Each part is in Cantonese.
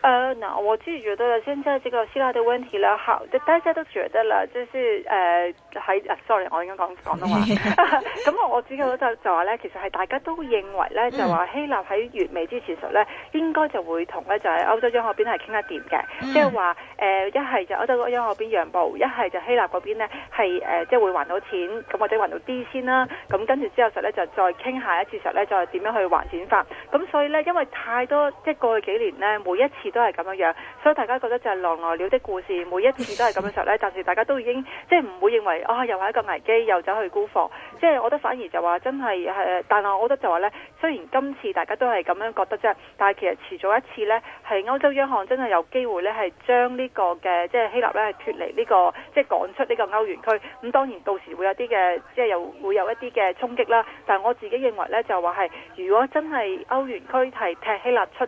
誒，嗱，uh, no, 我自己覺得現在這個希臘的問題咧，好，就大家都覺得啦，就是誒，喺、uh, uh,，sorry，我應該講廣東話，咁我 我自己覺得就話咧，其實係大家都認為咧，就話希臘喺月尾之前實咧，應該就會同咧就係歐洲央行邊係傾一掂嘅，即係話誒，一、呃、係就歐洲嗰央行邊讓步，一係就希臘嗰邊咧係誒，即係會還到錢，咁或者還到啲先啦，咁跟住之後實咧就再傾下一次實咧，再點樣去還錢法，咁所以咧，因為太多即係過去幾年咧，每一次。都係咁樣樣，所以大家覺得就係狼來了的故事，每一次都係咁嘅時候呢，暫時大家都已經即係唔會認為啊、哦，又係一個危機，又走去沽貨。即係我覺得反而就話真係，誒，但係我覺得就話呢，雖然今次大家都係咁樣覺得啫，但係其實遲早一次呢，係歐洲央行真係有機會呢，係將呢個嘅即係希臘咧脫離呢、呢個即係趕出呢個歐元區。咁當然到時會有啲嘅，即係又會有一啲嘅衝擊啦。但係我自己認為呢，就話係如果真係歐元區係踢希臘出。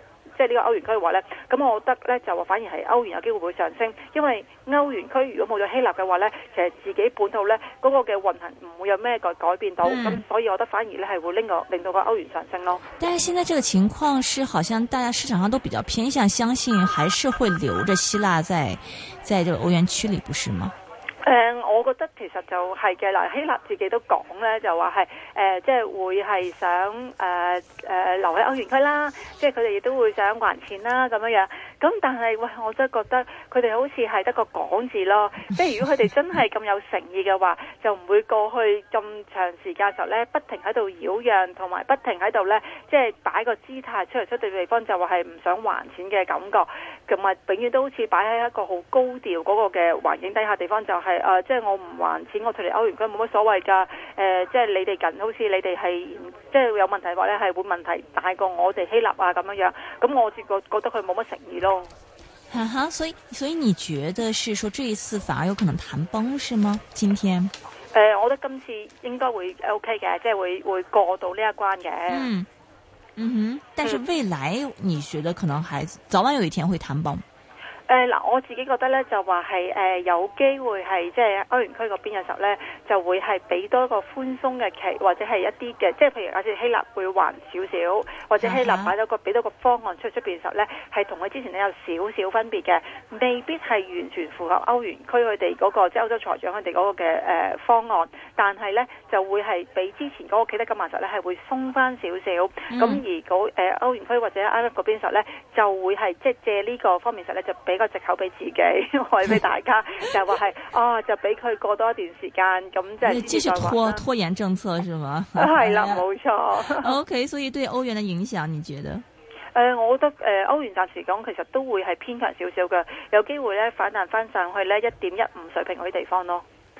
即係呢個歐元區嘅話咧，咁我覺得咧就話反而係歐元有機會會上升，因為歐元區如果冇咗希臘嘅話咧，其實自己本土咧嗰個嘅運行唔會有咩改改變到，咁、嗯、所以我覺得反而咧係會令個令到個歐元上升咯。但係現在這個情況是，好像大家市場上都比較偏向相信，還是會留着希臘在在這個歐元區裡，不是嗎？誒、嗯，我覺得其實就係嘅。嗱，希臘自己都講咧，就話係、呃、即係會係想誒誒、呃呃、留喺歐元區啦。即係佢哋亦都會想還錢啦咁樣樣。咁但係，喂、呃，我真係覺得佢哋好似係得個講字咯。即係如果佢哋真係咁有誠意嘅話，就唔會過去咁長時間時候咧，不停喺度擾攘，同埋不停喺度咧，即係擺個姿態出嚟，出到地方就話係唔想還錢嘅感覺，咁埋永遠都好似擺喺一個好高調嗰個嘅環境底下地方就係、是。誒、呃，即係我唔還錢，我脫離歐元區冇乜所謂噶。誒、呃，即係你哋近，好似你哋係，即係有問題嘅話咧，係會問題大過我哋希臘啊咁樣樣。咁我就覺覺得佢冇乜誠意咯。哈、啊、哈，所以所以你覺得是說這一次反而有可能談崩是嗎？今天？誒、呃，我覺得今次應該會 OK 嘅，即係會會過到呢一關嘅、嗯。嗯，哼。但是未來你覺得可能還早晚有一天會談崩？嗱、啊，我自己覺得咧就話係誒有機會係即係歐元區嗰邊嘅時候咧，就會係俾多一個寬鬆嘅期，或者係一啲嘅，即係譬如假設希臘會還少少，或者希臘買咗個俾多個方案出出邊時候咧，係同佢之前咧有少少分別嘅，未必係完全符合歐元區佢哋嗰個即係歐洲財長佢哋嗰個嘅、呃、方案，但係咧就會係比之前嗰個企得咁硬實咧，係會鬆翻少少，咁、嗯、而嗰呃、歐元區或者亞洲嗰邊時候咧，就會係即係借呢個方面時候咧就比較個借口，俾自己，害俾大家， 就話係哦，就俾佢過多一段時間，咁即係繼續拖拖延政策是嗎？係啦，冇錯。OK，所以對歐元嘅影響，你覺得？誒、呃，我覺得誒、呃，歐元暫時講，其實都會係偏強少少嘅，有機會咧反彈翻上去咧一點一五水平嗰啲地方咯。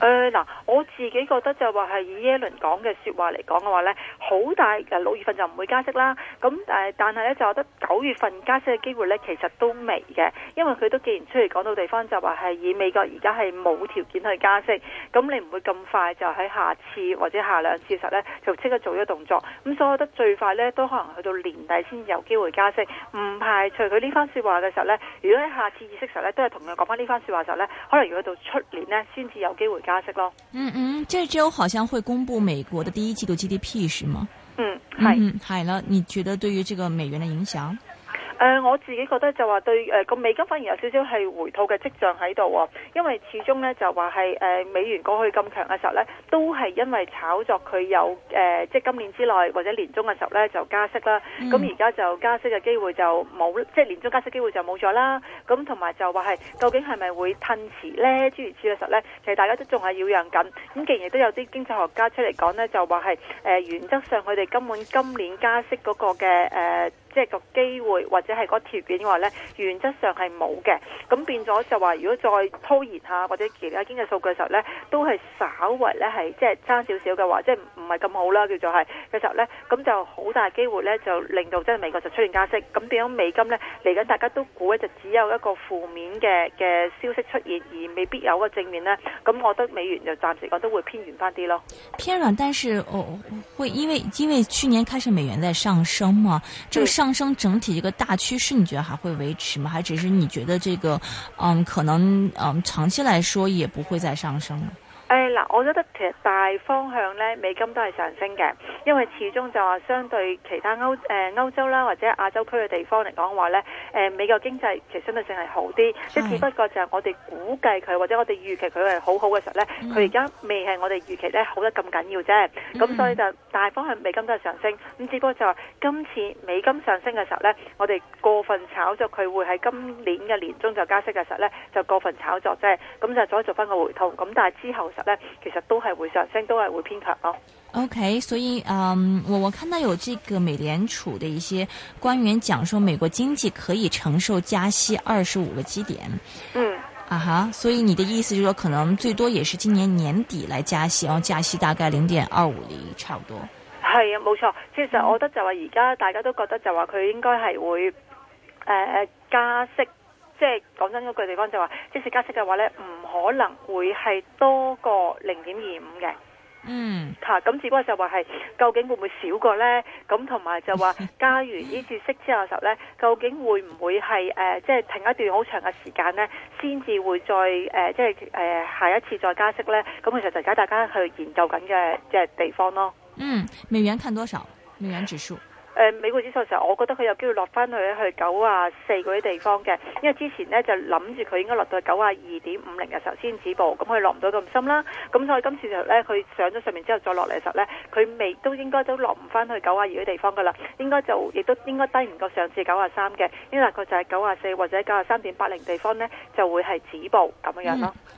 誒，嗱、呃，我自己覺得就話係以耶倫講嘅說話嚟講嘅話呢，好大六月份就唔會加息啦。咁、呃、但係呢，就覺得九月份加息嘅機會呢，其實都未嘅，因為佢都既然出嚟講到地方就話、是、係以美國而家係冇條件去加息，咁你唔會咁快就喺下次或者下兩次嘅時候呢就即刻做咗動作。咁所以我覺得最快呢都可能去到年底先有機會加息。唔排除佢呢番說話嘅時候呢，如果喺下次議息時呢，都係同佢講翻呢番說話時候呢，可能如果到出年呢先至有機會。加息咯，嗯嗯，這周好像會公布美國的第一季度 GDP 是嗎？嗯係，嗯，好了，嗯，的你覺得對於這個美元的影響？誒、呃、我自己覺得就話對誒個、呃、美金反而有少少係回吐嘅跡象喺度喎，因為始終呢就話係誒美元過去咁強嘅時候呢，都係因為炒作佢有誒、呃、即係今年之內或者年中嘅時候呢就加息啦，咁而家就加息嘅機會就冇，即係年中加息機會就冇咗啦。咁同埋就話係究竟係咪會褪遲呢？諸如此類實呢，其實大家都仲係擾攘緊。咁、嗯、既然都有啲經濟學家出嚟講呢，就話係誒原則上佢哋根本今年加息嗰個嘅誒。呃即係個機會或者係嗰個條件嘅話呢，原則上係冇嘅。咁變咗就話，如果再拖延下或者其他經濟數據嘅時候呢，都係稍為呢，係即係爭少少嘅話，即係唔係咁好啦，叫做係嘅時候呢，咁就好大機會呢，就令到即係美國就出現加息。咁變咗美金呢，嚟緊大家都估呢，就只有一個負面嘅嘅消息出現，而未必有一個正面呢。咁我覺得美元就暫時覺得會偏軟翻啲咯。偏軟，但是哦，會因為因為去年開始美元在上升嘛，就、這個、上。上升整體一個大趨勢，你覺得還會維持嗎？還只是你覺得這個，嗯，可能，嗯，長期來說也不會再上升了。誒嗱、哎，我覺得其實大方向咧，美金都係上升嘅，因為始終就話相對其他歐誒、呃、歐洲啦或者亞洲區嘅地方嚟講嘅話咧，誒、呃、美國經濟其實相對性係好啲，即係只不過就係我哋估計佢或者我哋預期佢係好好嘅時候咧，佢而家未係我哋預期咧好得咁緊要啫，咁、嗯、所以就大方向美金都係上升，咁只不過就係今次美金上升嘅時候咧，我哋過分炒作佢會喺今年嘅年中就加息嘅時候咧，就過分炒作啫，咁就再做翻個回吐，咁但係之後。其實都係會上升，都係會偏強咯。OK，所以嗯，我我看到有這個美聯儲的一些官員講，說美國經濟可以承受加息二十五個基點。嗯，啊哈，所以你的意思就是說，可能最多也是今年年底來加息，然後加息大概零點二五厘，差不多。係啊，冇錯，其實我覺得就話而家大家都覺得就話佢應該係會誒誒、呃、加息。即係講真嗰句地方就話，即使加息嘅話咧，唔可能會係多過零點二五嘅。嗯，嚇咁、啊、只不過就話係究竟會唔會少過咧？咁同埋就話加完呢次息之後嘅時候咧， 究竟會唔會係誒、呃、即係停一段好長嘅時間咧，先至會再誒、呃、即係誒、呃、下一次再加息咧？咁其實就而家大家去研究緊嘅嘅地方咯。嗯，美元看多少？美元指數？誒、呃、美國指數時候，我覺得佢有機會落翻去去九啊四嗰啲地方嘅，因為之前呢，就諗住佢應該落到九啊二點五零嘅時候先止步，咁佢落唔到咁深啦。咁所以今次就呢，佢上咗上面之後再落嚟嘅時候呢，佢未都應該都落唔翻去九啊二啲地方噶啦，應該就亦都應該低唔過上次九啊三嘅，因為大概就係九啊四或者九啊三點八零地方呢，就會係止步咁樣咯。嗯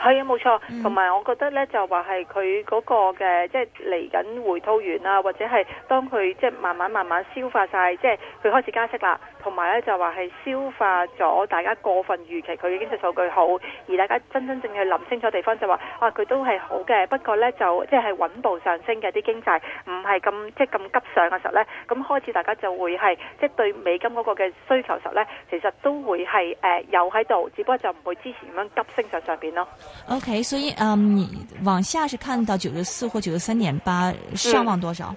係啊，冇錯。同埋我覺得咧，就話係佢嗰個嘅，即係嚟緊回吐完啦，或者係當佢即係慢慢慢慢消化晒，即係佢開始加息啦。同埋咧，就話係消化咗大家過分預期佢嘅經濟數據好，而大家真真正正去諗清楚地方就話，啊佢都係好嘅，不過咧就即係穩步上升嘅啲經濟，唔係咁即係咁急上嘅時候咧，咁開始大家就會係即係對美金嗰個嘅需求時候咧，其實都會係誒有喺度，只不過就唔會之前咁樣急升上上邊咯。O.K. 所以嗯，um，你往下是看到九十四或九十三點八，上望多少？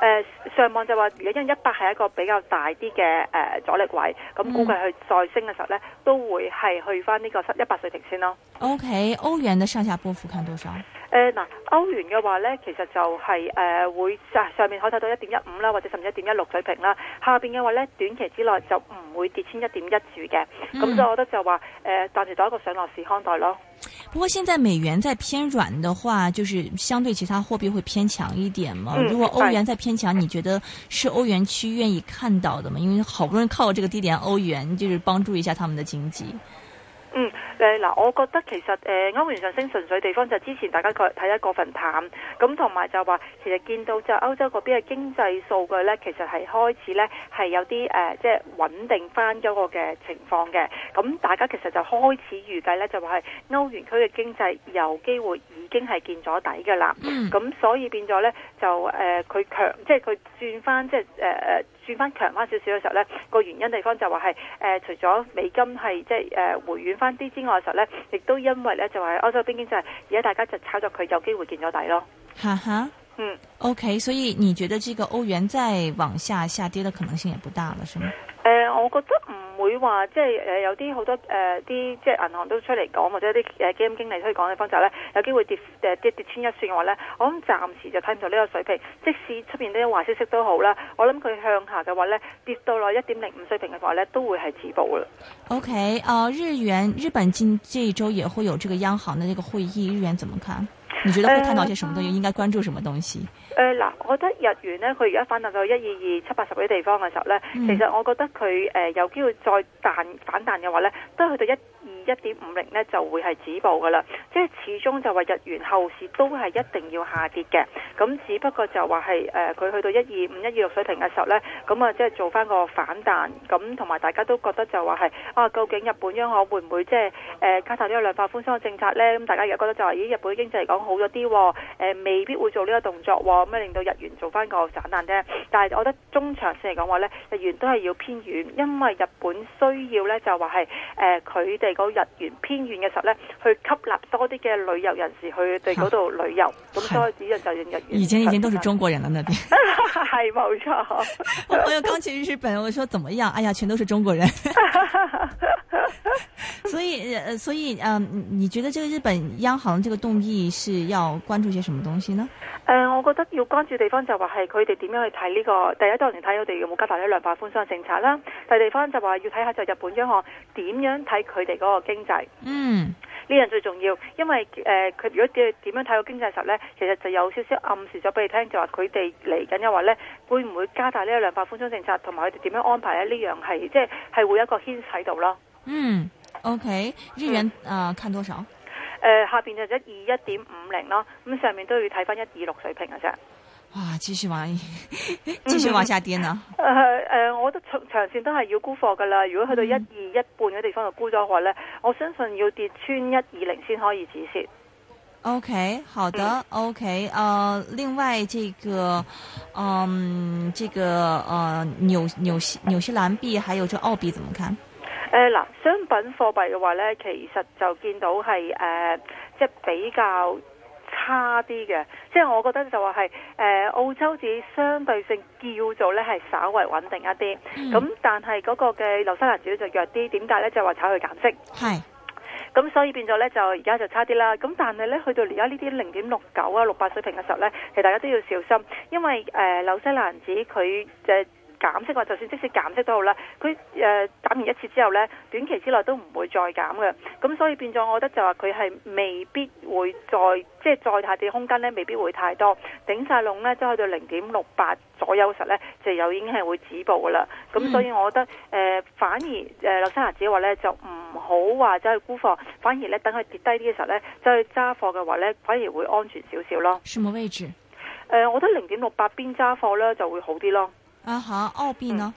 誒、嗯，上望就話，因為一百係一個比較大啲嘅誒阻力位，咁估計佢去再升嘅時候咧，嗯、都會係去翻呢個十一百水平線咯。O.K. 歐元嘅上下波幅看多少？誒、呃、歐元嘅話呢，其實就係、是、誒、呃、會上上面可以睇到一點一五啦，或者甚至一點一六水平啦。下邊嘅話呢，短期之內就唔會跌穿一點一住嘅。咁所以我覺得就話誒，暫、呃、時當一個上落市看待咯。不過現在美元在偏軟的話，就是相對其他貨幣會偏強一點嘛。如果歐元在偏強，嗯、你覺得是歐元區願意看到的嗎？因為好不容易靠這個低點歐，歐元就是幫助一下他們的經濟。嗯，誒、呃、嗱，我覺得其實誒歐、呃、元上升純粹地方就之前大家佢睇得過分淡，咁同埋就話其實見到就歐洲嗰邊嘅經濟數據咧，其實係開始咧係有啲誒、呃、即係穩定翻嗰個嘅情況嘅，咁大家其實就開始預計咧就話係歐元區嘅經濟有機會已經係見咗底噶啦，咁所以變咗咧就誒佢強即係佢轉翻即係誒。呃轉翻強翻少少嘅時候咧，個原因的地方就話係誒，除咗美金係即係誒回軟翻啲之外嘅時候咧，亦都因為咧就係歐洲邊經濟就而家大家就炒作佢有機會見咗底咯。哈哈，嗯，OK，所以你覺得這個歐元再往下下跌的可能性也不大了，是嗎？嗯誒、呃，我覺得唔會話即係誒、呃，有啲好多誒啲、呃、即係銀行都出嚟講，或者啲誒基金經理出嚟講嘅方式咧，有機會跌誒、呃、跌跌，跌穿一算嘅話咧，我諗暫時就睇唔到呢個水平。即使出邊啲壞消息都好啦，我諗佢向下嘅話咧，跌到落一點零五水平嘅話咧，都會係止步啦。OK，啊、呃，日元日本近，這一周也會有這個央行嘅呢個會議，日元怎麼看？你覺得會探討一些什麼東西？應該關注什麼東西？呃誒嗱、呃，我覺得日元咧，佢而家反彈到一二二七八十嗰啲地方嘅時候咧，嗯、其實我覺得佢誒、呃、有機會再彈反彈嘅話咧，都去到一一點五零呢就會係止步噶啦，即係始終就話日元後市都係一定要下跌嘅，咁只不過就話係誒佢去到一二五、一二六水平嘅時候呢，咁啊即係做翻個反彈，咁同埋大家都覺得就話、是、係啊，究竟日本央行會唔會即係誒加大呢個量化寬鬆嘅政策呢？咁大家而家覺得就話、是、咦，日本經濟嚟講好咗啲、哦，誒、呃、未必會做呢個動作喎、哦，咁啊令到日元做翻個反彈啫。但係我覺得中長線嚟講話呢，日元都係要偏軟，因為日本需要呢就話係誒佢哋嗰。日元偏遠嘅時候咧，去吸納多啲嘅旅遊人士去地嗰度旅遊，咁所以啲人就用日元。以前以前都是中國人啦，那邊太冇笑是！錯 我朋友剛去日本，我說怎麼樣？哎呀，全都是中國人。所 以 所以，嗯、呃呃，你覺得這個日本央行這個動議是要關注些什麼東西呢？誒、呃，我覺得要關注地方就話係佢哋點樣去睇呢、這個。第一當然睇佢哋有冇加大啲量化寬鬆政策啦。第二地方就話要睇下就日本央行點樣睇佢哋嗰個。經濟，嗯，呢樣最重要，因為誒佢、呃、如果點點樣睇個經濟實咧，其實就有少少暗示咗俾你聽，就他們話佢哋嚟緊嘅話咧，會唔會加大呢量化寬鬆政策，同埋佢哋點樣安排咧？呢樣係即係係會一個牽使度咯。嗯，OK，日圓啊，看多少？誒、呃，下邊就一二一點五零咯，咁上面都要睇返一二六水平嘅啫。哇！繼續往繼續往下跌呢？誒誒、嗯呃，我覺得長長線都係要沽貨噶啦。如果去到一、嗯、二一半嘅地方就沽咗嘅話咧，我相信要跌穿一二零先可以止蝕。OK，好的。嗯、OK，誒、呃，另外這個，嗯、呃，這個，呃，紐紐西紐西蘭幣，還有這澳幣，怎麼看？誒嗱、呃，商品貨幣嘅話咧，其實就見到係誒、呃，即係比較。差啲嘅，即係我覺得就話係誒，澳洲紙相對性叫做咧係稍為穩定一啲，咁但係嗰個嘅紐西蘭紙就弱啲，點解咧？就係、是、話炒去減息，係咁是所以變咗咧就而家就差啲啦。咁但係咧去到而家呢啲零點六九啊、六八水平嘅時候咧，其實大家都要小心，因為誒、呃、紐西蘭紙佢就係。減息話，就算即使減息都好啦，佢誒減完一次之後咧，短期之內都唔會再減嘅，咁所以變咗，我覺得就話佢係未必會再即係再下跌空間咧，未必會太多，頂晒籠咧，即去到零點六八左右時咧，就有已經係會止步噶啦。咁所以我覺得誒、嗯呃，反而誒劉、呃、生牙子話咧，就唔好話走去沽貨，反而咧等佢跌低啲嘅時候咧，走去揸貨嘅話咧，反而會安全少少咯。咩位置？誒、呃，我覺得零點六八邊揸貨咧就會好啲咯。啊哈，uh、huh，澳幣呢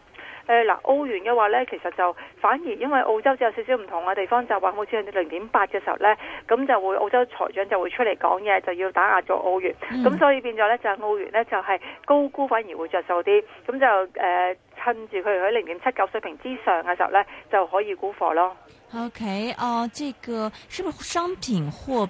誒嗱，歐、嗯呃、元嘅話咧，其實就反而因為澳洲只有少少唔同嘅地方，就話好似零點八嘅時候咧，咁就會澳洲財長就會出嚟講嘢，就要打壓咗澳元，咁、嗯、所以變咗咧就澳元咧就係、是、高估，反而會著數啲，咁就誒、呃、趁住佢喺零點七九水平之上嘅時候咧，就可以沽貨咯。OK，啊、uh，這個是不是商品貨？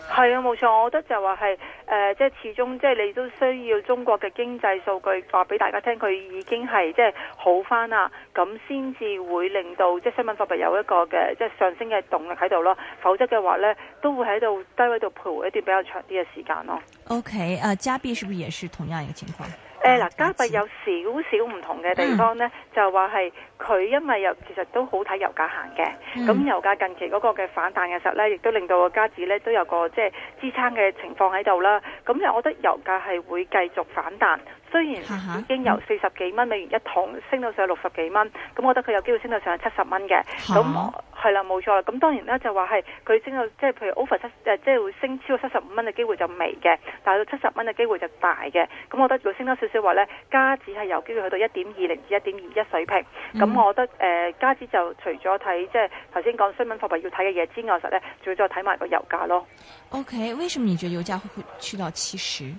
係啊，冇錯，我覺得就話係誒，即、呃、係始終即係你都需要中國嘅經濟數據話俾大家聽，佢已經係即係好翻啦，咁先至會令到即係新聞貨幣有一個嘅即係上升嘅動力喺度咯，否則嘅話咧都會喺度低位度徘徊一啲比較長啲嘅時間咯。OK，啊、呃，加幣係咪也是同樣一個情況？誒，嗱、啊，加幣有少少唔同嘅地方咧，嗯、就話係佢因為又其實都好睇油價行嘅，咁、嗯、油價近期嗰個嘅反彈嘅時候咧，亦都令到個加紙咧都有一個即係支撐嘅情況喺度啦。咁咧，我覺得油價係會繼續反彈。雖然已經由四十幾蚊美元一桶，uh huh. 升到上六十幾蚊，咁、uh huh. 我覺得佢有機會升到上七十蚊嘅。咁係啦，冇錯啦。咁當然咧就話係佢升到即係譬如 over 七，誒即係會升超過七十五蚊嘅機會就微嘅，但係到七十蚊嘅機會就大嘅。咁我覺得要升多少少話咧，加紙係有機會去到一點二零至一點二一水平。咁、uh huh. 我覺得誒、呃、加紙就除咗睇即係頭先講新聞貨幣要睇嘅嘢之外，實咧仲要再睇埋個油價咯。OK，為什麼你覺得油價會會去到七十？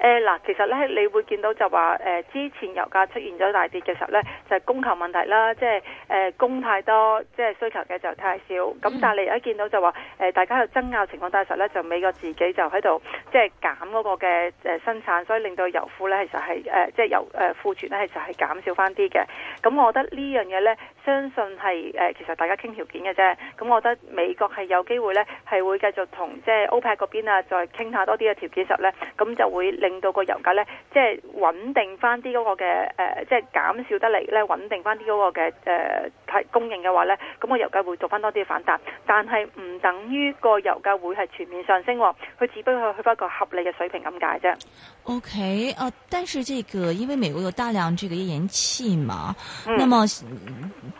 誒嗱，其實咧你會見到就話誒之前油價出現咗大跌嘅時候咧，就係供求問題啦，即係誒供太多，即係需求嘅就太少。咁但係你一見到就話誒大家有爭拗情況底下嘅時候咧，就美國自己就喺度即係減嗰個嘅誒生產，所以令到油庫咧其實係誒即係油誒庫存咧其實係減少翻啲嘅。咁我覺得呢樣嘢咧。相信係誒、呃，其實大家傾條件嘅啫。咁我覺得美國係有機會咧，係會繼續同即係 OPEC 嗰邊啊，再傾下多啲嘅條件實咧，咁就會令到個油價咧，即係穩定翻啲嗰個嘅、呃、即係減少得嚟咧，穩定翻啲嗰個嘅、呃係供應嘅話呢，咁個油價會做翻多啲反彈，但係唔等於個油價會係全面上升，佢只不過去翻個合理嘅水平咁解啫。O、okay, K 啊，但是這個因為美國有大量這個頁岩氣嘛，嗯，那麼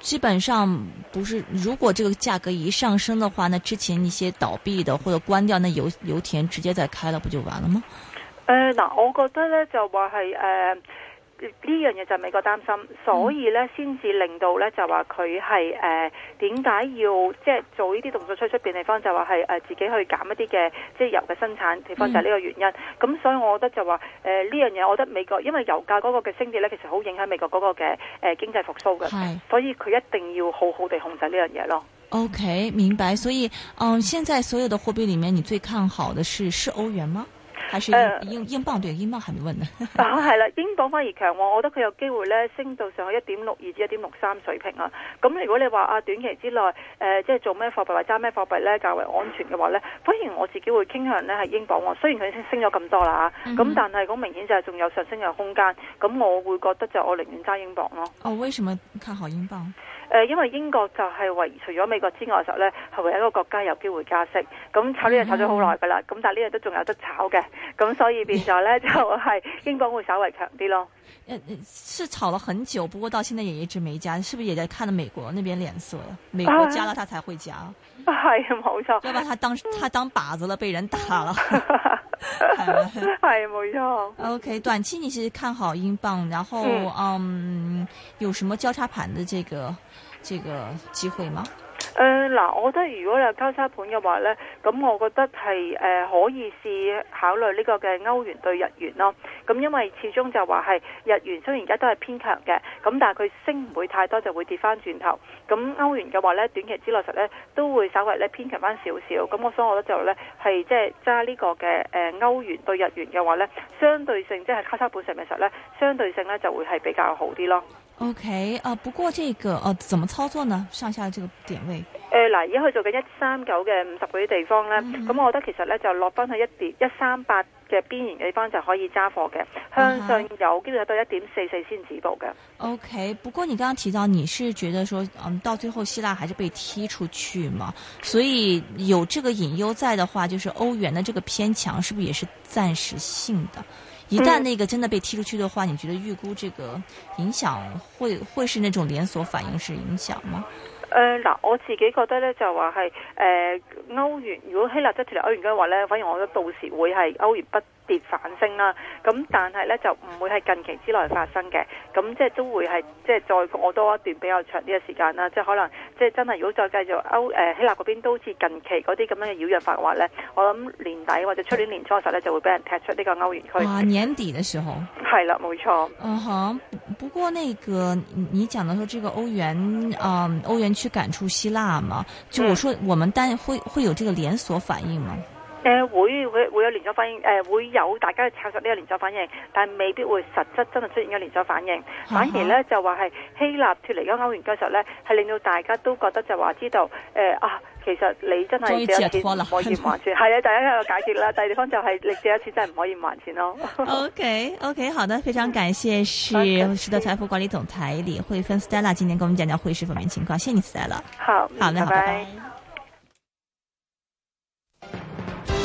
基本上不是如果這個價格一上升的話，那之前一些倒閉的或者關掉那油油田直接再開了，不就完啦嗎？誒、呃，嗱，我覺得呢就話係誒。呃呢樣嘢就係美國擔心，所以咧先至令到咧就話佢係誒點解要即係做呢啲動作出出邊地方，就話係誒自己去減一啲嘅即係油嘅生產地方，就係呢個原因。咁、嗯、所以我覺得就話誒呢樣嘢，呃、我覺得美國因為油價嗰個嘅升跌咧，其實好影響美國嗰個嘅誒、呃、經濟復甦嘅，是所以佢一定要好好地控制呢樣嘢咯。OK，明白。所以嗯，現在所有的貨幣裏面，你最看好的是是歐元嗎？還是英英鎊、呃、對英鎊還沒問呢。 啊係啦，英鎊反而強、哦，我我覺得佢有機會咧升到上去一點六二至一點六三水平啊。咁如果你話啊短期之內誒、呃、即係做咩貨幣或揸咩貨幣咧較為安全嘅話咧，反而我自己會傾向咧係英鎊、啊。我雖然佢升升咗咁多啦、啊，咁、嗯、哼但係咁明顯就係仲有上升嘅空間。咁我會覺得就我寧願揸英鎊咯、啊。哦，為什麼看好英鎊？誒、呃，因為英國就係唯除咗美國之外嘅候嘅時候咧，係唯一一個國家有機會加息。咁炒呢樣炒咗好耐噶啦，咁、嗯、哼但係呢樣都仲有得炒嘅。咁所以變咗咧 就係英國會稍微強啲咯。誒，是炒了很久，不過到現在也一直沒加，是不是也在看了美國那邊臉色？美國加了，它才會加。係冇錯。要把它當它當靶子了， 被人打了。係冇錯。OK，短期你其實看好英鎊，然後嗯，嗯，有什麼交叉盤的這個？這個機會嗎？誒嗱、呃，我覺得如果有交叉盤嘅話咧，咁我覺得係誒、呃、可以試考慮呢個嘅歐元對日元咯。咁、嗯、因為始終就話係日元雖然而家都係偏強嘅，咁、嗯、但係佢升唔會太多就會跌翻轉頭。咁、嗯、歐元嘅話咧，短期之內實咧都會稍微咧偏強翻少少。咁、嗯、所以我覺得就咧係即係揸呢是是這個嘅誒、呃、歐元對日元嘅話咧，相對性即係、就是、交叉盤上嘅時候咧相對性咧就會係比較好啲咯。OK，、呃、不過這個呃怎麼操作呢？上下這個點位？誒、呃，嗱，而家去做緊一三九嘅五十嗰啲地方呢，咁、嗯、哼我覺得其實呢，就落翻去一點一三八嘅邊緣嘅地方就可以揸貨嘅，嗯、哼向上有機會睇到一點四四先止步嘅。OK，不過你剛剛提到你是覺得說，嗯，到最後希臘還是被踢出去嘛？所以有這個隱憂在的話，就是歐元的這個偏強是不是也是暫時性的？一旦那個真的被踢出去的話，你覺得預估這個影響會會是那種連鎖反應式影響嗎？誒，嗱，我自己覺得咧就話係誒歐元，如果希臘真係脫離歐元嘅話咧，反而我覺得到時會係歐元不跌反升啦，咁但係咧就唔會係近期之內發生嘅，咁即係都會係即係再過多一段比較長啲嘅時間啦，即係可能即係真係如果再繼續歐誒、呃、希臘嗰邊都好似近期嗰啲咁樣嘅擾攘發話咧，我諗年底或者出年年初的時候咧就會俾人踢出呢個歐元區，啊。年底的時候，係啦，冇錯。嗯，不過呢，那個你講到說這個歐元，啊、呃，歐元區趕出希臘嘛，就我說我們單會、嗯、會有這個連鎖反應嗎？誒、呃、會，會會有連鎖反應，誒、呃、會有大家嘅炒作呢個連鎖反應，但係未必會實質真係出現咗連鎖反應，嗯、反而咧、嗯、就話係希臘脫離歐元區時候咧，係令到大家都覺得就話知道誒、呃、啊，其實你真係借唔可以還錢，係啊，第一個解釋啦， 第二方就係你借一次真係唔可以還錢咯。OK OK，好的，非常感謝是時代財 富管理總裁李慧芬 Stella 今天跟我們講講匯市方面情況，謝，謝你 Stella。好，好，拜拜好。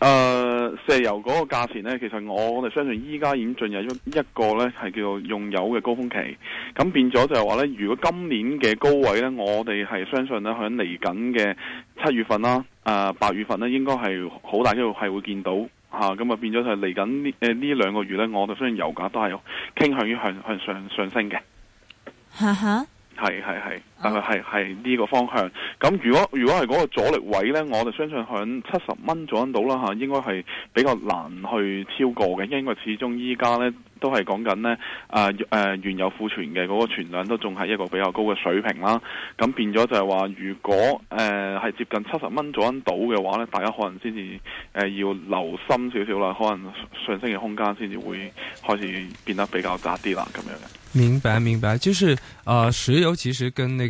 誒，石、呃、油嗰個價錢呢，其實我哋相信依家已經進入咗一個呢係叫做用油嘅高峰期，咁變咗就係話呢，如果今年嘅高位呢，我哋係相信呢，響嚟緊嘅七月份啦，誒、呃、八月份呢，應該係好大機會係會見到，吓咁啊變咗就係嚟緊呢誒呢兩個月呢，我哋相信油價都係有傾向於向向上上升嘅，係。 吓，係係係。啊，係係呢個方向。咁如果如果係嗰個阻力位呢，我就相信響七十蚊左右到啦吓，應該係比較難去超過嘅，因為始終依家呢都係講緊呢，誒誒、呃呃，原油庫存嘅嗰個存量都仲係一個比較高嘅水平啦。咁變咗就係話，如果誒係、呃、接近七十蚊左右到嘅話呢，大家可能先至誒要留心少少啦，可能上升嘅空間先至會開始變得比較窄啲啦，咁樣嘅。明白明白，就係誒、呃，石油其實跟那個。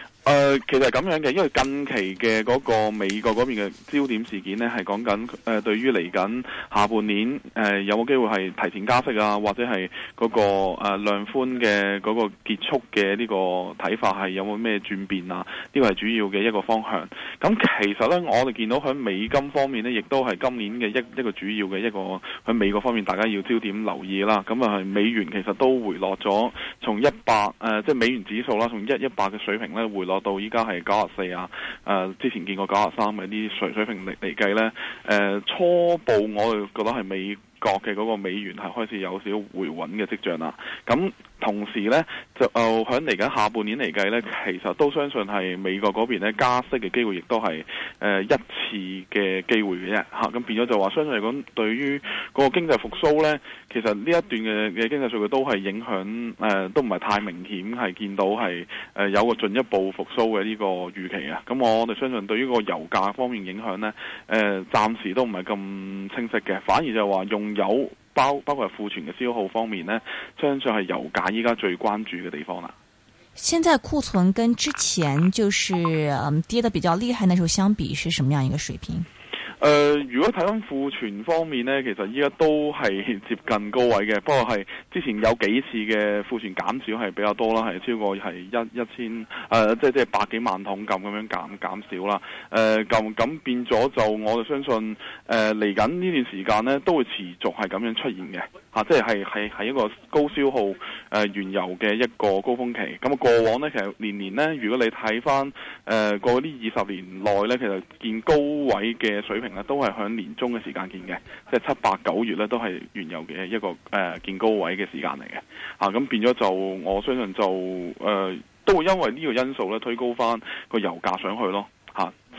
誒、呃，其實係咁樣嘅，因為近期嘅嗰個美國嗰邊嘅焦點事件呢，係講緊誒、呃，對於嚟緊下半年誒、呃、有冇機會係提前加息啊，或者係嗰、那個誒、呃、量寬嘅嗰、那個結束嘅呢個睇法係有冇咩轉變啊？呢、這個係主要嘅一個方向。咁其實呢，我哋見到喺美金方面呢，亦都係今年嘅一一個主要嘅一個喺美國方面，大家要焦點留意啦。咁啊，係美元其實都回落咗、呃，從一百誒，即係美元指數啦，從一一百嘅水平咧回落。到依家係九十四啊！誒，之前見過九十三嘅啲水水平嚟嚟計咧，誒、呃，初步我覺得係未。嘅嗰個美元係開始有少回穩嘅跡象啦，咁同時咧就響嚟緊下半年嚟計咧，其實都相信係美國嗰邊咧加息嘅機會亦都係誒一次嘅機會嘅啫吓，咁變咗就話相信嚟講對於嗰個經濟復甦咧，其實呢一段嘅嘅經濟數據都係影響誒、呃、都唔係太明顯，係見到係誒、呃、有個進一步復蘇嘅呢個預期啊，咁我哋相信對於個油價方面影響咧，誒、呃、暫時都唔係咁清晰嘅，反而就話用。有包包括庫存嘅消耗方面咧，相信係油價依家最關注嘅地方啦。現在庫存跟之前就是誒跌得比較厲害，那時候相比，是什麼樣一個水平？誒、呃，如果睇翻庫存方面咧，其實依家都係接近高位嘅，不過係之前有幾次嘅庫存減少，係比較多啦，係超過係一一千誒、呃，即係即係百幾萬桶咁樣減減，減少啦。誒咁咁變咗就我就相信誒嚟緊呢段時間咧，都會持續係咁樣出現嘅吓、啊，即係係係一個高消耗誒、呃、原油嘅一個高峰期。咁啊過往咧，其實年年咧，如果你睇翻誒過20呢二十年內咧，其實見高位嘅水平。都係喺年中嘅時間見嘅，即、就、係、是、七八九月呢，都係原油嘅一個誒見、呃、高位嘅時間嚟嘅，啊咁變咗就我相信就誒、呃、都會因為呢個因素咧推高翻個油價上去咯。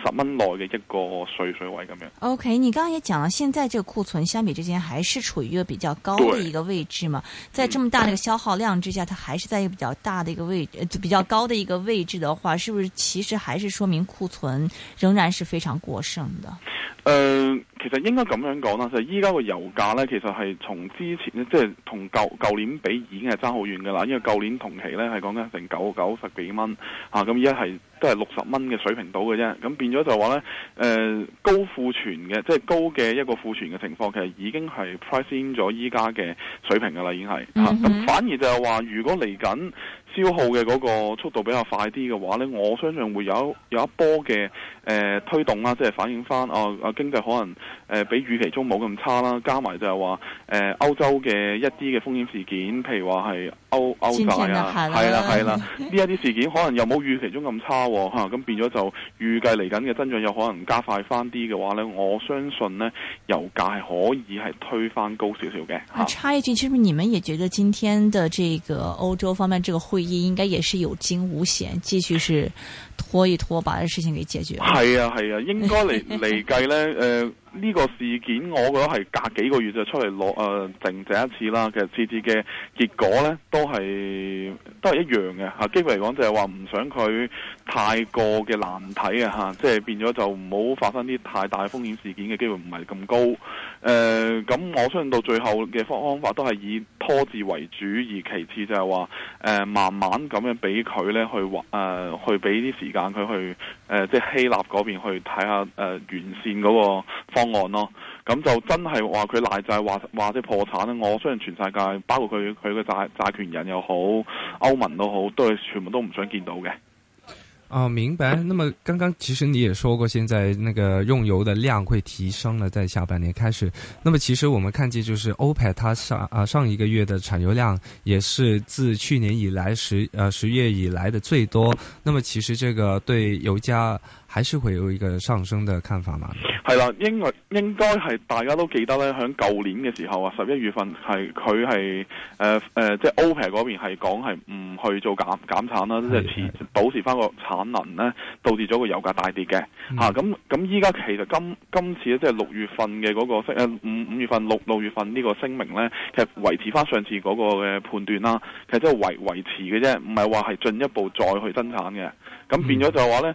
十蚊內嘅一個稅稅位咁樣。O、okay, K，你剛剛也講了現在這個庫存相比之下還是處於一個比較高的一個位置嘛？對在這麼大嘅消耗量之下，它還是在一個比較大的一個位置，比較高的一個位置的話，是不是其實還是說明庫存仍然是非常過剩的？誒、呃，其實應該咁樣講啦，就依家個油價咧，其實係從之前咧，即係同舊舊年比已經係爭好遠噶啦，因為舊年同期咧係講緊成九九十幾蚊啊，咁依家係。都係六十蚊嘅水平到嘅啫，咁變咗就話呢，誒、呃、高庫存嘅，即係高嘅一個庫存嘅情況，其實已經係 pricing 咗依家嘅水平噶啦，已經係嚇，咁、mm hmm. 反而就係話，如果嚟緊消耗嘅嗰個速度比較快啲嘅話呢，我相信會有一有一波嘅。誒、呃，推動啦、啊，即係反映翻哦，啊經濟可能誒、呃、比預期中冇咁差啦、啊，加埋就係話誒歐洲嘅一啲嘅風險事件，譬如話係歐歐債啊，係啦係啦，呢一啲事件可能又冇預期中咁差喎、啊。咁、啊、變咗就預計嚟緊嘅增長有可能加快翻啲嘅話咧，我相信呢，油價係可以係推翻高少少嘅。啊，插、啊、一句，其實你們也覺得今天的這個歐洲方面這個會議應該也是有驚無險，繼續是。拖一拖，把這事情給解決。係啊係啊，應該嚟嚟 計咧，誒、呃。呢個事件我覺得係隔幾個月就出嚟攞誒靜靜一次啦。其實次次嘅結果咧都係都係一樣嘅吓、啊、機會嚟講就係話唔想佢太過嘅難睇啊吓，即係變咗就唔好發生啲太大風險事件嘅機會唔係咁高。誒、呃，咁我相信到最後嘅方法都係以拖字為主，而其次就係話誒慢慢咁樣俾佢咧去話、呃、去俾啲時間佢去誒、呃、即係希臘嗰邊去睇下誒、呃、完善嗰、那個。方案咯，咁就真係話佢賴債，話話啲破產咧。我雖然全世界包括佢佢嘅債債權人又好，歐盟都好，都係全部都唔想見到嘅。啊，明白。那麼剛剛其實你也說過，現在那個用油的量會提升了，在下半年開始。那麼其實我們看見就是歐佩它上、呃、上一個月的產油量也是自去年以來十呃十月以來的最多。那麼其實這個對油價。還是會有一個上升的看法嗎？係啦、啊，因為應該係大家都記得咧，喺舊年嘅時候啊，十一月份係佢係誒誒，即係 OPEC 嗰邊係講係唔去做減減產啦，即係持保持翻個產能咧，導致咗個油價大跌嘅吓。咁咁依家其實今今次咧，即係六月份嘅嗰個誒五五月份六六月份呢個聲明咧，其實維持翻上次嗰個嘅判斷啦，其實即係維維持嘅啫，唔係話係進一步再去增產嘅。咁變咗就係話咧。嗯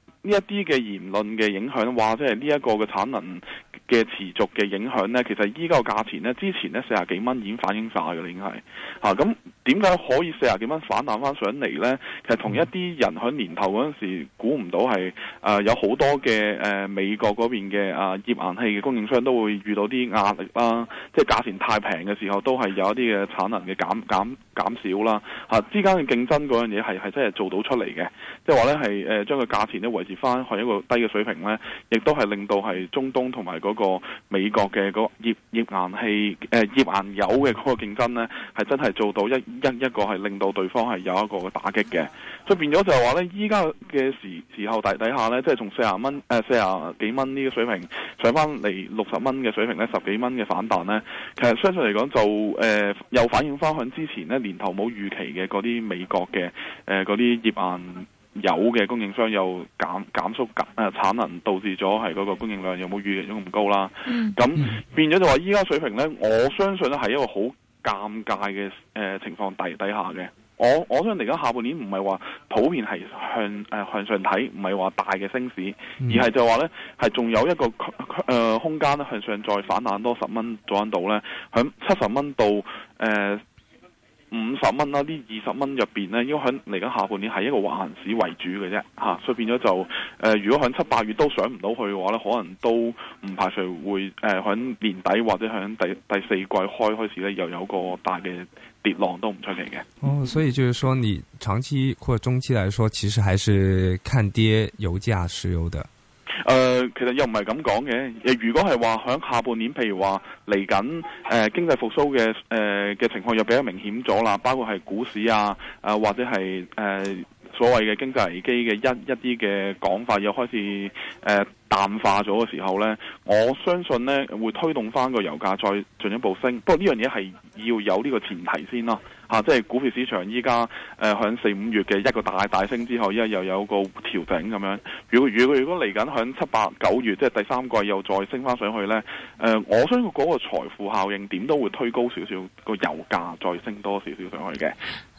呢一啲嘅言論嘅影響，話即係呢一個嘅產能嘅持續嘅影響呢，其實依家個價錢呢，之前呢四十幾蚊已經反映晒㗎，已經係咁，點解可以四十幾蚊反彈翻上嚟呢？其實同一啲人喺年頭嗰陣時估唔到係、呃、有好多嘅、呃、美國嗰邊嘅啊頁岩氣嘅供應商都會遇到啲壓力啦、啊，即係價錢太平嘅時候都係有一啲嘅產能嘅減減減少啦、啊、之間嘅競爭嗰樣嘢係真係做到出嚟嘅，即係話呢，係誒將個價錢翻去一個低嘅水平呢，亦都係令到係中東同埋嗰個美國嘅嗰個頁頁岩氣誒頁岩油嘅嗰個競爭咧，係真係做到一一一,一個係令到對方係有一個嘅打擊嘅。所以變咗就係話呢，依家嘅時時候底底下呢，即係從四十蚊誒四十幾蚊呢個水平上翻嚟六十蚊嘅水平呢，十幾蚊嘅反彈呢，其實相信嚟講就誒、呃、又反映翻向之前呢年頭冇預期嘅嗰啲美國嘅誒嗰啲頁岩。有嘅供應商又減，減縮減、呃、產能，導致咗係嗰個供應量又冇預期咁高啦。咁變咗就話依家水平咧，我相信咧係一個好尷尬嘅、呃、情況底底下嘅。我我相信而家下半年唔係話普遍係向、呃、向上睇，唔係話大嘅升市，嗯、而係就話咧係仲有一個、呃、空間咧向上再反彈多十蚊左右噉度咧，響七十蚊到、呃五十蚊啦，呢二十蚊入邊咧，應該喺嚟緊下半年係一個橫市為主嘅啫，吓、啊，所以變咗就誒、呃，如果喺七八月都上唔到去嘅話咧，可能都唔排除會誒喺、呃、年底或者喺第第四季開開始咧，又有個大嘅跌浪都唔出奇嘅。哦，所以就是說你長期或者中期來說，其實還是看跌油價、石油的。誒、呃，其實又唔係咁講嘅。誒，如果係話響下半年，譬如話嚟緊誒經濟復蘇嘅誒嘅情況，又比較明顯咗啦，包括係股市啊，誒、呃，或者係誒。呃所謂嘅經濟危機嘅一一啲嘅講法又開始誒、呃、淡化咗嘅時候呢，我相信呢會推動翻個油價再進一步升。不過呢樣嘢係要有呢個前提先咯、啊，即係股票市場依家誒響四五月嘅一個大大升之後，依家又有個調整咁樣。如果如果如果嚟緊響七八九月，即係第三季又再升翻上去呢，誒、呃，我相信嗰個財富效應點都會推高少少個油價再升多少少上去嘅。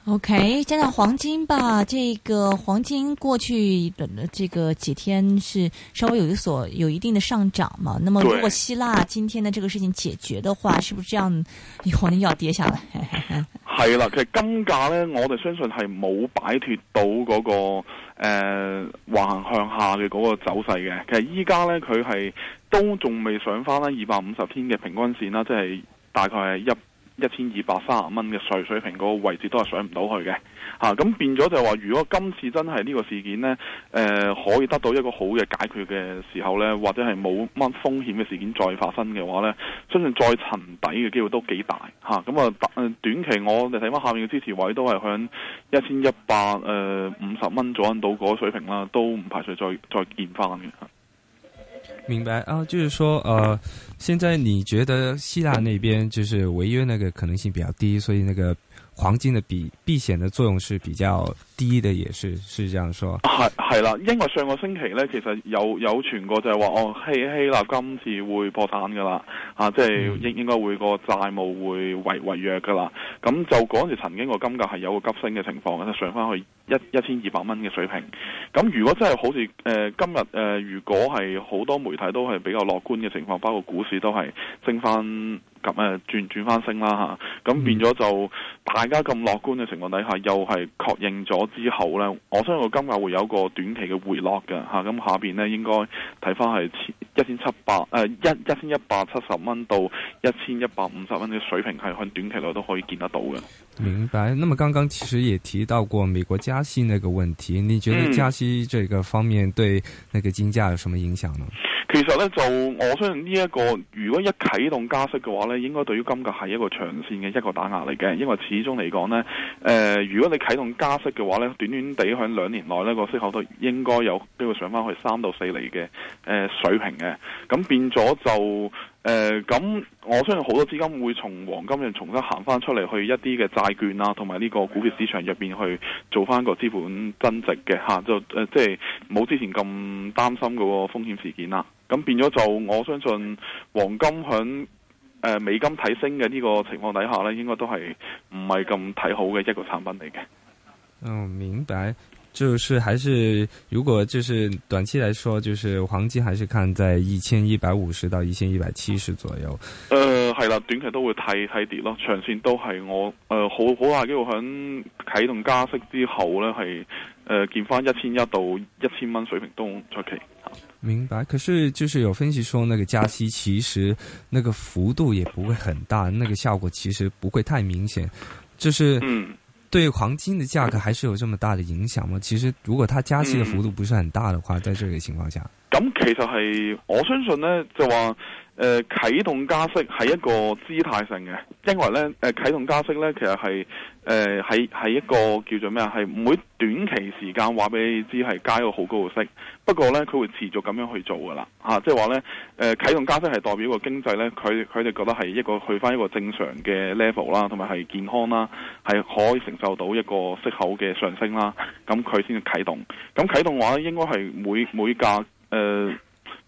OK，加上黃金吧，這個黃金過去的、嗯、這個幾天是稍微有一所有一定的上漲嘛。那麼如果希臘今天的這個事情解決的話，對是不是這樣黃金要跌下來？係 啦，其實金價呢，我哋相信係冇擺脫到嗰、那個誒橫、呃、向下嘅嗰個走勢嘅。其實依家呢，佢係都仲未上翻啦二百五十天嘅平均線啦，即係大概係一。一千二百三十蚊嘅稅水平嗰個位置都係上唔到去嘅，咁、啊、變咗就係話，如果今次真係呢個事件呢、呃，可以得到一個好嘅解決嘅時候呢，或者係冇乜風險嘅事件再發生嘅話呢，相信再沉底嘅機會都幾大咁啊，啊，短期我哋睇翻下面嘅支持位都係響一千一百呃五十蚊左右到嗰水平啦，都唔排除再再見翻嘅。明白啊，就是說呃，現在你覺得希臘那邊就是違約那個可能性比較低，所以那個。黃金的避避險的作用是比較低的，也是是這樣說。係係啦，因為上個星期呢，其實有有傳過就係話哦希希臘今次會破產噶啦，啊即係、嗯、應應該會個債務會違違約噶啦。咁就嗰陣時曾經個金價係有個急升嘅情況，即係上翻去一一千二百蚊嘅水平。咁如果真係好似誒、呃、今日誒、呃，如果係好多媒體都係比較樂觀嘅情況，包括股市都係升翻。咁誒轉轉翻升啦嚇，咁、啊啊、變咗就大家咁樂觀嘅情況底下，又係確認咗之後咧，我相信今日會有一個短期嘅回落嘅嚇。咁、啊啊、下邊咧應該睇翻係一千七百誒，一一千一百七十蚊到一千一百五十蚊嘅水平係喺短期內都可以見得到嘅。明白。那麼剛剛其實也提到過美國加息那個問題，你覺得加息這個方面對那個金價有什麼影響呢？嗯其實咧就，我相信呢一個，如果一啟動加息嘅話咧，應該對於金價係一個長線嘅一個打壓嚟嘅，因為始終嚟講咧，呃、如果你啟動加息嘅話咧，短短地喺兩年內咧，個息口都應該有機會上翻去三到四厘嘅、呃、水平嘅，咁變咗就。誒，咁、呃、我相信好多資金會從黃金入，重新行翻出嚟去一啲嘅債券啊，同埋呢個股票市場入邊去做翻個資本增值嘅吓、啊，就誒即係冇之前咁擔心個風險事件啦。咁變咗就我相信黃金喺誒、呃、美金睇升嘅呢個情況底下呢，應該都係唔係咁睇好嘅一個產品嚟嘅。嗯、哦，明白。就是還是如果就是短期來說，就是黃金還是看在一千一百五十到一千一百七十左右。呃，係啦，短期都會睇睇跌咯，長線都係我呃，好好話，機會喺啟動加息之後呢，係呃見翻一千一到一千蚊水平都出奇。明白，可是就是有分析說，那個加息其實那個幅度也不會很大，那個效果其實不會太明顯，就是嗯。對黃金的價格還是有這麼大的影響嗎？其實，如果它加息的幅度不是很大的話，在這個情況下。咁其實係我相信呢就話誒、呃、啟動加息係一個姿態性嘅，因為呢誒、呃、啟動加息呢其實係誒係係一個叫做咩啊，係每短期時間話俾你知係加一個好高嘅息，不過呢佢會持續咁樣去做噶啦，吓、啊，即係話呢誒、呃、啟動加息係代表一個經濟呢佢佢哋覺得係一個去翻一個正常嘅 level 啦，同埋係健康啦，係可以承受到一個息口嘅上升啦，咁佢先至啟動。咁啟動話咧，應該係每每架。誒、呃，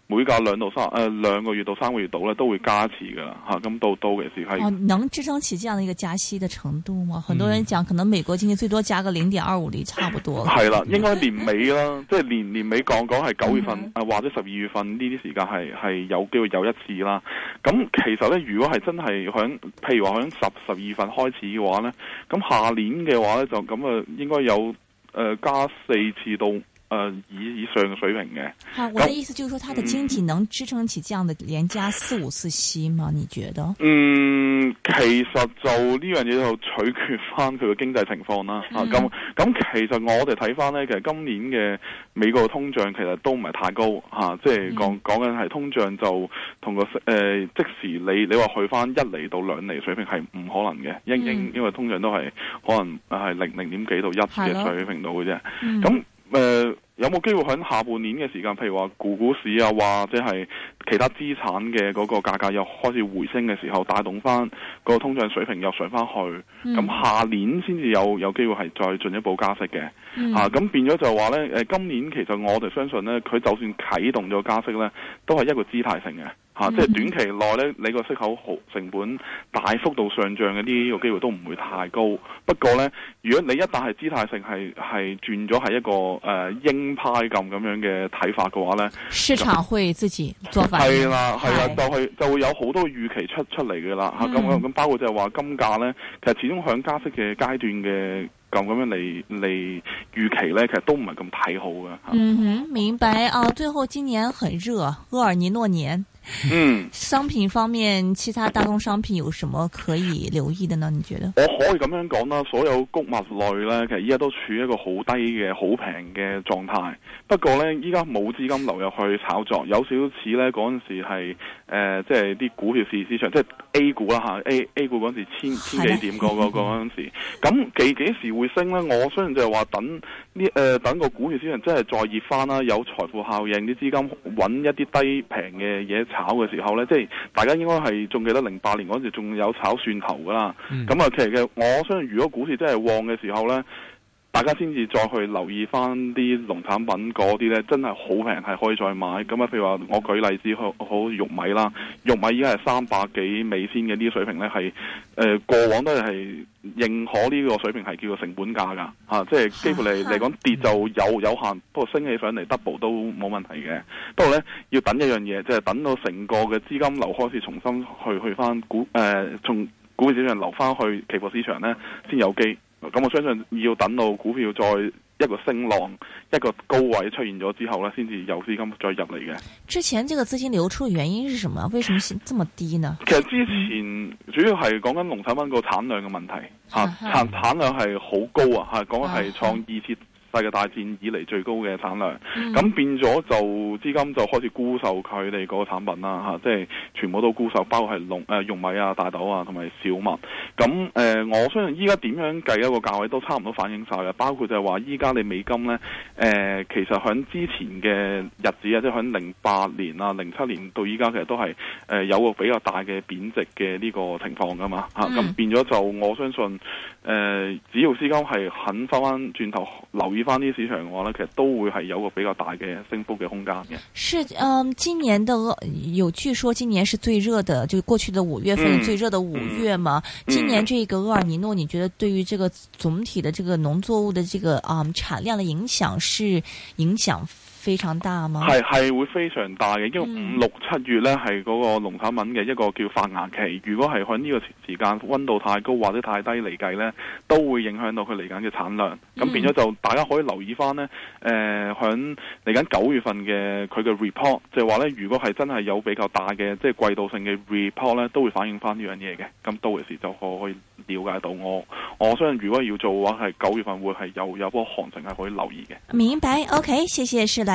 每隔兩到三誒、呃、兩個月到三個月度咧，都會加持噶啦吓，咁、啊、到到嘅時候，啊、是能支撐起這樣嘅一個加息的程度嗎？嗯、很多人講，可能美國經濟最多加個零點二五厘，差不多。係啦的，對對應該年尾啦， 即係年年尾講講係九月份， 啊、或者十二月份呢啲時間係係有機會有一次啦。咁其實咧，如果係真係響，譬如話響十十二月份開始嘅話咧，咁下年嘅話咧就咁啊、呃，應該有誒、呃、加四次到。誒、呃，以以上嘅水平嘅，好那我嘅意思就係說，它的經濟能支撐起這樣的連加四五次息嗎？你覺得？嗯，其實就呢樣嘢就取決翻佢嘅經濟情況啦。吓、嗯，咁咁、啊、其實我哋睇翻呢，其實今年嘅美國嘅通脹其實都唔係太高吓、啊，即係講、嗯、講緊係通脹就同個誒、呃、即時你你話去翻一厘到兩厘水平係唔可能嘅，嗯、因因因為通脹都係可能係零零點幾到一嘅水平度嘅啫。咁、嗯那嗯誒、呃，有冇機會喺下半年嘅時間，譬如話股股市啊，或者係其他資產嘅嗰個價格又開始回升嘅時候，帶動翻個通脹水平又上翻去，咁、嗯、下年先至有有機會係再進一步加息嘅。咁、嗯啊、變咗就係話咧，誒，今年其實我哋相信咧，佢就算啟動咗加息咧，都係一個姿態性嘅吓，啊嗯、即係短期內咧，你個息口好成本大幅度上漲嘅呢個機會都唔會太高。不過咧，如果你一旦係姿態性係係轉咗係一個誒鷹、呃、派咁咁樣嘅睇法嘅話咧，市場會自己做反應。係啦就，係啦，的的就係就會有好多預期出出嚟嘅啦吓。咁、啊、咁、嗯啊、包括就係話金價咧，其實始終響加息嘅階段嘅。咁咁樣嚟嚟預期咧，其實都唔係咁睇好嘅。嗯哼，明白啊！最後今年很熱，厄爾尼諾年。嗯，商品方面，其他大宗商品有什麼可以留意的呢？你覺得？我可以咁樣講啦，所有穀物類呢，其實依家都處於一個好低嘅，好平嘅狀態。不過咧，依家冇資金流入去炒作，有少少似咧嗰陣時係誒、呃，即係啲股票市場，即係 A 股啦吓、啊、A A 股嗰陣時千千幾點嗰嗰嗰陣時。咁幾幾時會升呢？我雖然就係話等呢誒、呃，等個股票市場即係再熱翻啦，有財富效應，啲資金搵一啲低平嘅嘢。炒嘅時候咧，即係大家應該係仲記得零八年嗰陣時，仲有炒蒜頭噶啦，咁啊、嗯、其實嘅，我相信如果股市真係旺嘅時候咧。大家先至再去留意翻啲農產品嗰啲呢，真係好平，係可以再買。咁啊，譬如話，我舉例子，好，好玉米啦，玉米依家係三百幾美仙嘅呢啲水平呢，係誒、呃、過往都係認可呢個水平係叫做成本價噶嚇，即係幾乎嚟嚟講跌就有有限，不過升起上嚟 double 都冇問題嘅。不過呢，要等一樣嘢，即、就、係、是、等到成個嘅資金流開始重新去去翻股、呃、從股票市場流翻去期貨市場呢，先有機。咁我相信要等到股票再一個升浪，一個高位出現咗之後咧，先至有資金再入嚟嘅。之前這個資金流出嘅原因是什麼？為什麼這麼低呢？其實之前主要係講緊農產品個產量嘅問題，吓、 啊、產產量係好高啊，吓講緊係創意。次。世界大戰以嚟最高嘅產量，咁、嗯、變咗就資金就開始沽售佢哋個產品啦，吓，即、啊、係、就是、全部都沽售，包括係農、誒玉米啊、大豆啊同埋小麥，咁誒、呃、我相信依家點樣計一個價位都差唔多反映晒嘅，包括就係話依家你美金咧，誒其實響之前嘅日子啊，即係響零八年啊、零七年到依家，其實都係誒、呃、有個比較大嘅貶值嘅呢個情況噶嘛吓，咁、啊嗯、變咗就我相信誒、呃、只要資金係肯翻翻轉頭留意。翻啲市場嘅話，呢其實都會係有個比較大嘅升幅嘅空間嘅。是，嗯、呃，今年的有，據說今年是最熱的，就是、過去的五月份、嗯、最熱的五月嘛。嗯、今年這個厄爾尼諾，你覺得對於這個總體的這個農作物的這個啊、呃、產量的影響，是影響。非常大嘛，係係會非常大嘅，因為五六七月呢係嗰個農產品嘅一個叫發芽期，如果係喺呢個時間溫度太高或者太低嚟計呢，都會影響到佢嚟緊嘅產量。咁變咗就大家可以留意翻呢，誒響嚟緊九月份嘅佢嘅 report，就係話呢，如果係真係有比較大嘅即係季度性嘅 report 呢，都會反映翻呢樣嘢嘅。咁到時就可以了解到我，我相信如果要做嘅話係九月份會係有有一波行情係可以留意嘅。明白，OK，謝謝，是的。